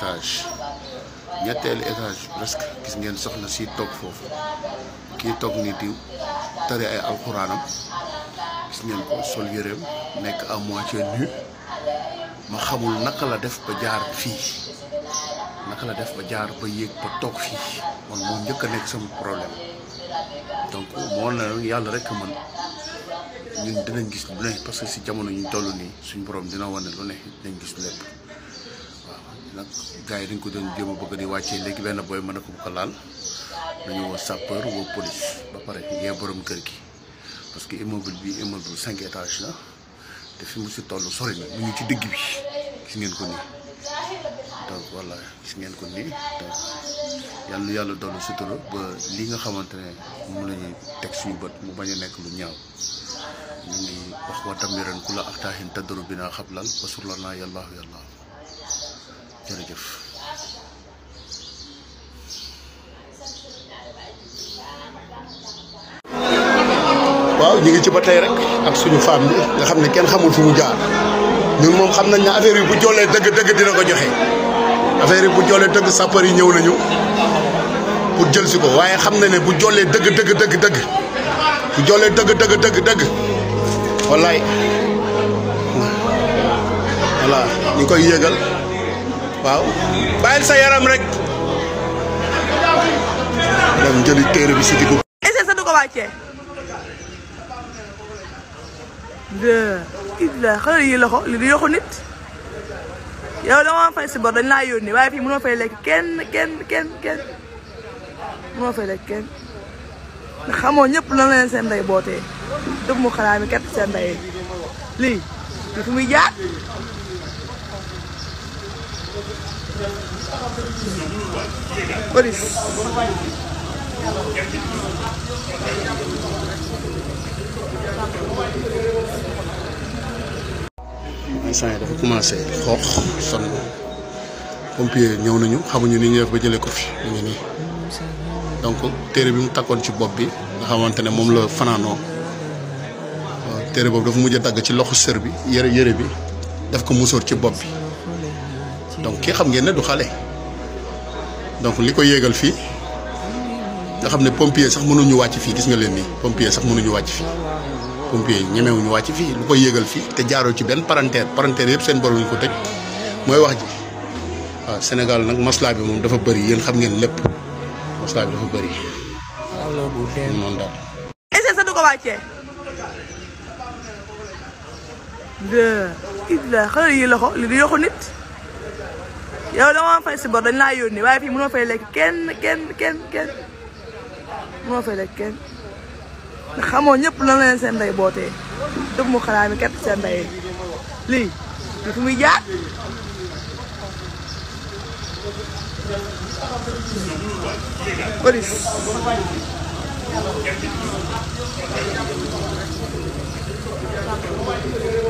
étage ñetteelu étage presque gis ngeen soxna si toog foofu kii toog ni diw tari ay alxuraanam gis ngeen ko sol yëreem nekk am moitié nu ma xamul naka la def ba jaar fii naka la def ba jaar ba yéeg ba toog fii man moo njëkk a nekk sama problème donc moo na yàlla rek man ñun dinañ gis lu ne parce que si jamono ñu toll nii suñu borom dina wane lu ne dinañ gis lépp. nag gaa yi dañ ko doon jéem a bëgg di wàccee léegi benn booy mën a ko bu ko laal dañu woo sapeur woo police ba pare yee borom kër gi parce que immeuble bi immeuble cinq étage la te fi mu si toll sori na mu ngi ci digg bi gis ngeen ko nii donc voilà gis ngeen ko nii yàlla yàlla dolli sutura li nga xamante ne moom la ñuy teg suñu bët mu bañ a nekk lu ñaaw mu ngi wax wa tamiran ku la ak taaxin taddaru bi naa xablal wasurla naa yàllaahu yàllaahu waaw ñu ngi ci ba tey rek ak suñu femme bi nga xam ne kenn xamul fu mu jaar ñun moom xam nañ ne affaire yi bu jollee dëgg dëgg dina ko joxe affaire yi bu jollee dëgg sapeur yi ñëw nañu pour jël si ko waaye xam na ne bu jollee dëgg dëgg dëgg dëgg bu jollee dëgg dëgg dëgg dëgg wallaay voilà ñu koy yëgal waaw bàyyil sa yaram rek. maanaam jëli téere bi si di ko. essaye sa du ko wàccee. Ibrahima xale yi loxo li di yoxu nit. yow da ma fay si bor ni laa yónni waaye fii mënoo fay lekk kenn kenn kenn kenn mënoo fay lekk kenn ndax xamoo ñëpp lan leen seen ndey bootee dëgg mu xalaat mi kat seen ndey lii fi police instant yi dafa commencé xoox son pompier ñëw nañu xamuñu ni ñuy wax ba jëlee ko fi mu ngi nii donc téere bi mu takkoon ci bopp bi nga xamante ne moom la fanaanoo téere boobu dafa mujj a dagg ci loxo sër bi yére yére bi daf ko musóor ci bopp bi donc ki xam ngeen ne du xale donc li ko yéegal fii nga xam ne pompier sax mënuñu wàcc fii gis nga leen nii pompier sax mënuñu wàcc fii pompier ñemewuñu wàcc fii lu ko yéegal fii te jaaro ci benn parenteer parenteer yëpp seen bor ñu ko tëj mooy wax ji waaw Sénégal nag maslaa bi moom dafa bari yéen xam ngeen lépp maslaa bi dafa bëri. noonu daal. loxo li di yoxu nit. yow dama fay si bor dañ laa yónni waaye fii mënoo fay lekk kenn kenn kenn kenn mënoo fay lekk kenn ndax xamoo ñëpp lan leen seen ndey bootee dëf mu xanaa mi kat seen ndey li fi